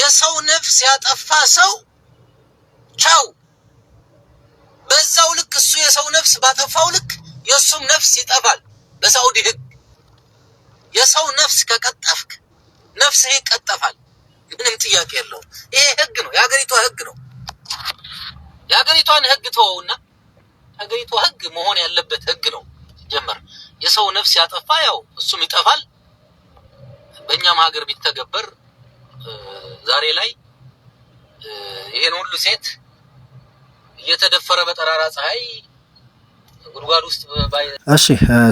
የሰው ነፍስ ያጠፋ ሰው ቻው። በዛው ልክ እሱ የሰው ነፍስ ባጠፋው ልክ የእሱም ነፍስ ይጠፋል። በሳውዲ ህግ የሰው ነፍስ ከቀጠፍክ ነፍስህ ይቀጠፋል። ምንም ጥያቄ የለውም። ይሄ ህግ ነው፣ የሀገሪቷ ህግ ነው። የሀገሪቷን ህግ ተወውና ሀገሪቷ ህግ መሆን ያለበት ህግ ነው። ጀመር የሰው ነፍስ ያጠፋ ያው እሱም ይጠፋል። በእኛም ሀገር ቢተገበር ዛሬ ላይ ይሄን ሁሉ ሴት እየተደፈረ በጠራራ ፀሐይ ጉድጓድ ውስጥ እሺ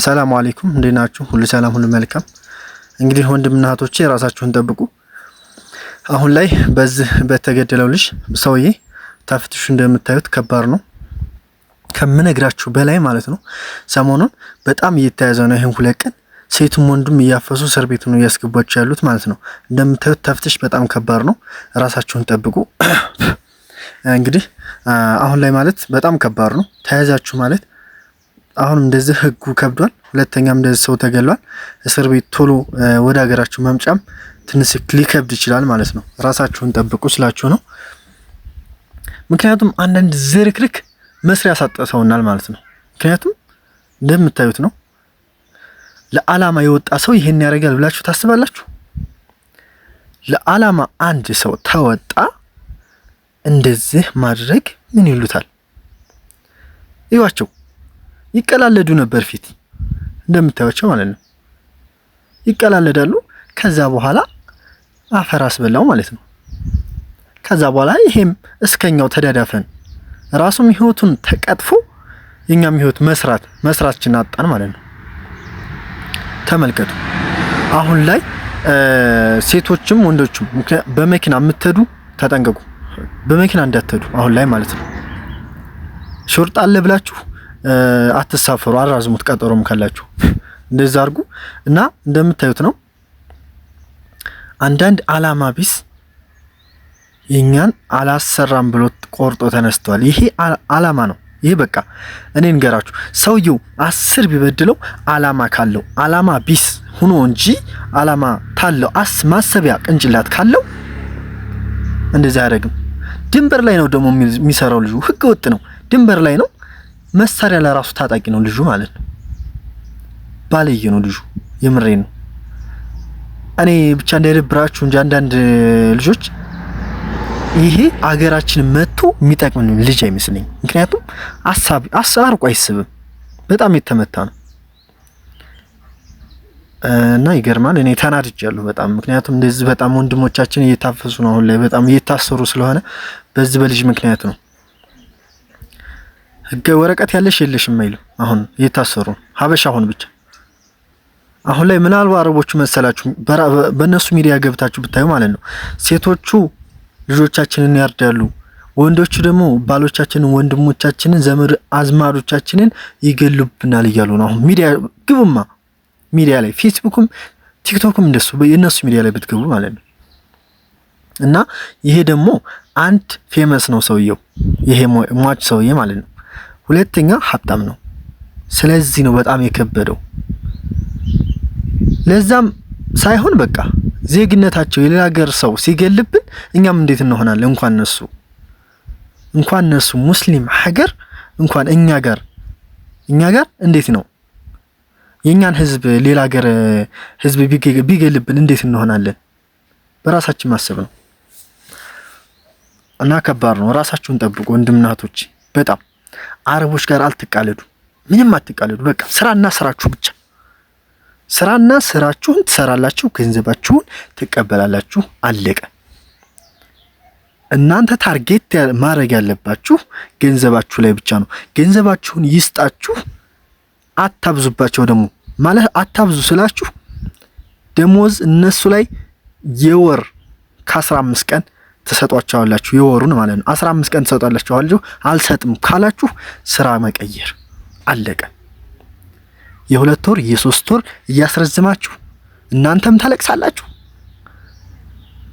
ሰላም አለይኩም፣ እንዴት ናችሁ? ሁሉ ሰላም፣ ሁሉ መልካም። እንግዲህ ወንድምና እህቶቼ ራሳችሁን ጠብቁ። አሁን ላይ በዚህ በተገደለው ልጅ ሰውዬ ታፍትሹ እንደምታዩት ከባድ ነው ከምነግራችሁ በላይ ማለት ነው። ሰሞኑን በጣም እየተያዘ ነው። ይህን ሁለት ቀን ሴቱም ወንዱም እያፈሱ እስር ቤት ነው እያስገቧቸው ያሉት ማለት ነው። እንደምታዩት ተፍትሽ በጣም ከባድ ነው። ራሳችሁን ጠብቁ። እንግዲህ አሁን ላይ ማለት በጣም ከባድ ነው። ተያዛችሁ ማለት አሁንም እንደዚህ ህጉ ከብዷል። ሁለተኛም እንደዚህ ሰው ተገሏል። እስር ቤት ቶሎ ወደ ሀገራችሁ መምጫም ትንሽ ሊከብድ ይችላል ማለት ነው። ራሳችሁን ጠብቁ ስላችሁ ነው። ምክንያቱም አንዳንድ ዝርክርክ መስሪያ ያሳጠሰውናል ማለት ነው። ምክንያቱም እንደምታዩት ነው። ለዓላማ የወጣ ሰው ይሄን ያደርጋል ብላችሁ ታስባላችሁ? ለዓላማ አንድ ሰው ተወጣ እንደዚህ ማድረግ ምን ይሉታል? ይዋቸው ይቀላለዱ ነበር ፊት እንደምታዩቸው ማለት ነው። ይቀላለዳሉ። ከዛ በኋላ አፈር አስበላው ማለት ነው። ከዛ በኋላ ይሄም እስከኛው ተዳዳፈን፣ ራሱም ህይወቱን ተቀጥፎ የኛም ህይወት መስራት መስራችን አጣን ማለት ነው። ተመልከቱ። አሁን ላይ ሴቶችም ወንዶችም በመኪና የምትሄዱ ተጠንቀቁ። በመኪና እንዳትሄዱ አሁን ላይ ማለት ነው። ሾርጣ አለ ብላችሁ አትሳፈሩ። አራዝሙት፣ ቀጠሮም ካላችሁ እንደዛ አድርጉ እና እንደምታዩት ነው። አንዳንድ አላማ ቢስ የእኛን አላሰራም ብሎ ቆርጦ ተነስተዋል። ይሄ አላማ ነው ይህ በቃ እኔ እንገራችሁ፣ ሰውየው አስር ቢበድለው አላማ ካለው አላማ ቢስ ሁኖ እንጂ አላማ ታለው አስ ማሰቢያ ቅንጭላት ካለው እንደዚህ አያደርግም። ድንበር ላይ ነው ደግሞ የሚሰራው ልጁ፣ ህገ ወጥ ነው። ድንበር ላይ ነው። መሳሪያ ለራሱ ታጣቂ ነው ልጁ ማለት ነው። ባለየ ነው ልጁ፣ የምሬ ነው። እኔ ብቻ እንዳይደብራችሁ እንጂ አንዳንድ ልጆች ይሄ አገራችን መጥቶ የሚጠቅም ልጅ አይመስለኝ። ምክንያቱም አሳቢ አርቆ አይስብም። በጣም የተመታ ነው እና ይገርማል። እኔ ተናድጃለሁ በጣም ምክንያቱም እንደዚህ በጣም ወንድሞቻችን እየታፈሱ ነው አሁን ላይ በጣም እየታሰሩ ስለሆነ በዚህ በልጅ ምክንያት ነው። ህገ ወረቀት ያለሽ የለሽም አይሉ አሁን እየታሰሩ ሀበሻ አሁን ብቻ አሁን ላይ ምናልባት አረቦቹ መሰላችሁ በነሱ ሚዲያ ገብታችሁ ብታዩ ማለት ነው ሴቶቹ ልጆቻችንን ያርዳሉ። ወንዶቹ ደግሞ ባሎቻችንን፣ ወንድሞቻችንን፣ ዘመድ አዝማዶቻችንን ይገሉብናል እያሉ ነው። አሁን ሚዲያ ግቡማ፣ ሚዲያ ላይ ፌስቡክም ቲክቶክም እንደሱ የእነሱ ሚዲያ ላይ ብትገቡ ማለት ነው። እና ይሄ ደግሞ አንድ ፌመስ ነው ሰውየው፣ ይሄ ሟች ሰውዬ ማለት ነው። ሁለተኛ ሀብታም ነው። ስለዚህ ነው በጣም የከበደው። ለዛም ሳይሆን በቃ ዜግነታቸው የሌላ ሀገር ሰው ሲገልብን እኛም እንዴት እንሆናለን? እንኳን ነሱ እንኳን ነሱ ሙስሊም ሀገር እንኳን እኛ ጋር እኛ ጋር እንዴት ነው የእኛን ህዝብ ሌላ ሀገር ህዝብ ቢገልብን እንዴት እንሆናለን? በራሳችን ማሰብ ነው እና ከባድ ነው። ራሳችሁን ጠብቁ ወንድምናቶች። በጣም አረቦች ጋር አልትቃለዱ፣ ምንም አትቃለዱ። በቃ ስራና ስራችሁ ብቻ ስራና ስራችሁን ትሰራላችሁ፣ ገንዘባችሁን ትቀበላላችሁ። አለቀ። እናንተ ታርጌት ማድረግ ያለባችሁ ገንዘባችሁ ላይ ብቻ ነው። ገንዘባችሁን ይስጣችሁ፣ አታብዙባቸው። ደግሞ ማለት አታብዙ ስላችሁ ደሞዝ እነሱ ላይ የወር ከአስራ አምስት ቀን ትሰጧቸዋላችሁ የወሩን ማለት ነው። አስራ አምስት ቀን ትሰጧላችኋል። አልሰጥም ካላችሁ ስራ መቀየር አለቀን። የሁለት ወር የሶስት ወር እያስረዝማችሁ እናንተም ታለቅሳላችሁ።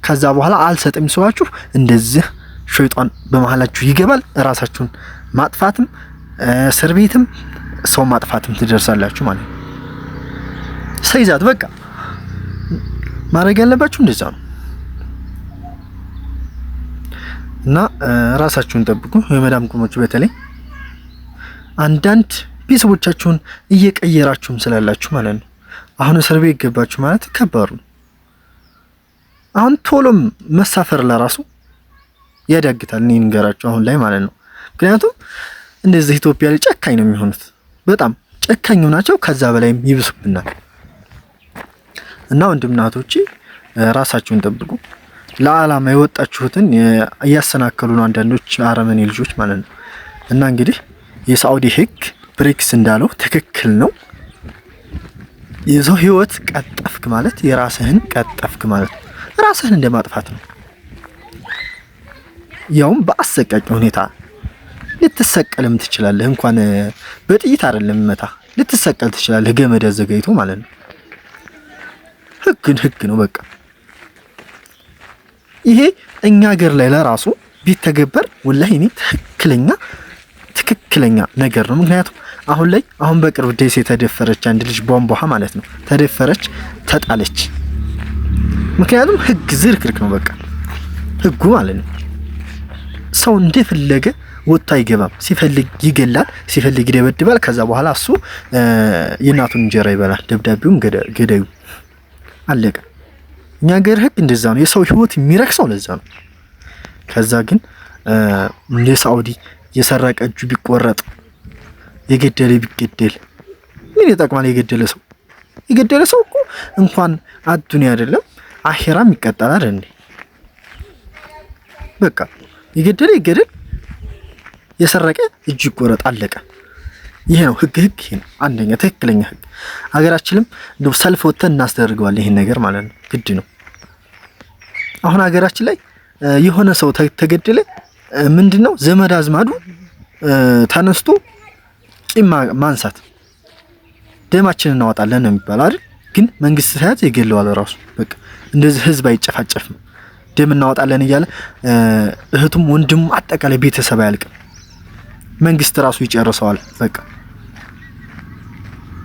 ከዛ በኋላ አልሰጥም ሲሏችሁ እንደዚህ ሸይጣን በመሀላችሁ ይገባል። ራሳችሁን ማጥፋትም እስር ቤትም ሰው ማጥፋትም ትደርሳላችሁ ማለት ነው። ሰይዛት በቃ ማድረግ ያለባችሁ እንደዛ ነው እና ራሳችሁን ጠብቁ። የመዳም ቁሞች በተለይ አንዳንድ ቤተሰቦቻችሁን እየቀየራችሁም ስላላችሁ ማለት ነው። አሁን እስር ቤት ገባችሁ ማለት ከባድ ነው። አሁን ቶሎም መሳፈር ለራሱ ያዳግታል። እኔ ንገራችሁ አሁን ላይ ማለት ነው። ምክንያቱም እንደዚህ ኢትዮጵያ ላይ ጨካኝ ነው የሚሆኑት። በጣም ጨካኝ ናቸው። ከዛ በላይም ይብሱብናል። እና ወንድም ራሳችሁን ጠብቁ። ለዓላማ የወጣችሁትን እያሰናከሉ ነው አንዳንዶች አረመኔ ልጆች ማለት ነው። እና እንግዲህ የሳዑዲ ህግ ብሬክስ እንዳለው ትክክል ነው። የሰው ህይወት ቀጠፍክ ማለት የራስህን ቀጠፍክ ማለት ነው። ራስህን እንደማጥፋት ነው። ያውም በአሰቃቂ ሁኔታ ልትሰቀልም ትችላለህ። እንኳን በጥይት አይደለም ይመታ፣ ልትሰቀል ትችላለህ። ገመድ አዘጋጅቶ ማለት ነው። ህግን ህግ ነው በቃ። ይሄ እኛ ሀገር ላይ ለራሱ ቢተገበር ወላሂ እኔ ትክክለኛ ትክክለኛ ነገር ነው። ምክንያቱም አሁን ላይ አሁን በቅርብ ደሴ ተደፈረች አንድ ልጅ ቧንቧ ማለት ነው ተደፈረች፣ ተጣለች። ምክንያቱም ህግ ዝርክርክ ነው፣ በቃ ህጉ ማለት ነው። ሰው እንደፈለገ ወጥቶ አይገባም። ሲፈልግ ይገላል፣ ሲፈልግ ይደበድባል። ከዛ በኋላ እሱ የእናቱን እንጀራ ይበላል። ደብዳቤውም ገዳዩ አለቀ። እኛ ሀገር ህግ እንደዛ ነው። የሰው ህይወት የሚረክሰው ለዛ ነው። ከዛ ግን እንደ የሰረቀ እጁ ቢቆረጥ የገደለ ቢገደል ምን ይጠቅማል? የገደለ ሰው የገደለ ሰው እኮ እንኳን አዱንያ አይደለም አሄራም ይቀጠላል አይደል? በቃ የገደለ ይገደል፣ የሰረቀ እጁ ይቆረጥ፣ አለቀ። ይሄ ነው ህግ። ህግ ይሄ ነው አንደኛ ትክክለኛ ህግ። ሀገራችንም እንደው ሰልፍ ወጥተን እናስደርገዋለን ይሄን ነገር ማለት ነው፣ ግድ ነው። አሁን ሀገራችን ላይ የሆነ ሰው ተገደለ ምንድነው ዘመድ አዝማዱ ተነስቶ ቂም ማንሳት ደማችን እናወጣለን ነው የሚባል አይደል? ግን መንግስት ሳያዝ ይገለዋል ራሱ። በቃ እንደዚህ ህዝብ አይጨፋጨፍም። ደም እናወጣለን እያለ እህቱም ወንድሙ አጠቃላይ ቤተሰብ አያልቅም። መንግስት ራሱ ይጨርሰዋል። በቃ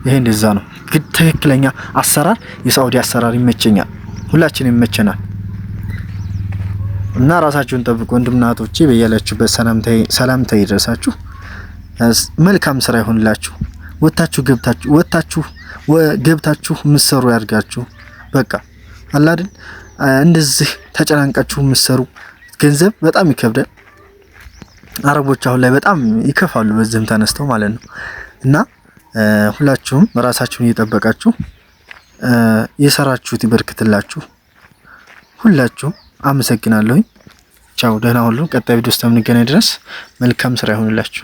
ይሄ እንደዛ ነው። ትክክለኛ አሰራር የሳውዲ አሰራር ይመቸኛል። ሁላችንም ይመቸናል። እና ራሳችሁን ጠብቁ። ወንድምናቶቼ በያላችሁበት ሰላምታ ይደርሳችሁ። መልካም ስራ ይሆንላችሁ። ወታችሁ ገብታችሁ ወታችሁ ገብታችሁ ምሰሩ ያድርጋችሁ። በቃ አላድን እንደዚህ ተጨናንቃችሁ ምሰሩ ገንዘብ በጣም ይከብዳል። አረቦች አሁን ላይ በጣም ይከፋሉ፣ በዚህም ተነስተው ማለት ነው። እና ሁላችሁም ራሳችሁን እየጠበቃችሁ የሰራችሁት ይበርክትላችሁ ሁላችሁም አመሰግናለሁኝ። ቻው፣ ደህና ሁሉ። ቀጣይ ቪዲዮ እስከምንገናኝ ድረስ መልካም ስራ ይሆንላችሁ።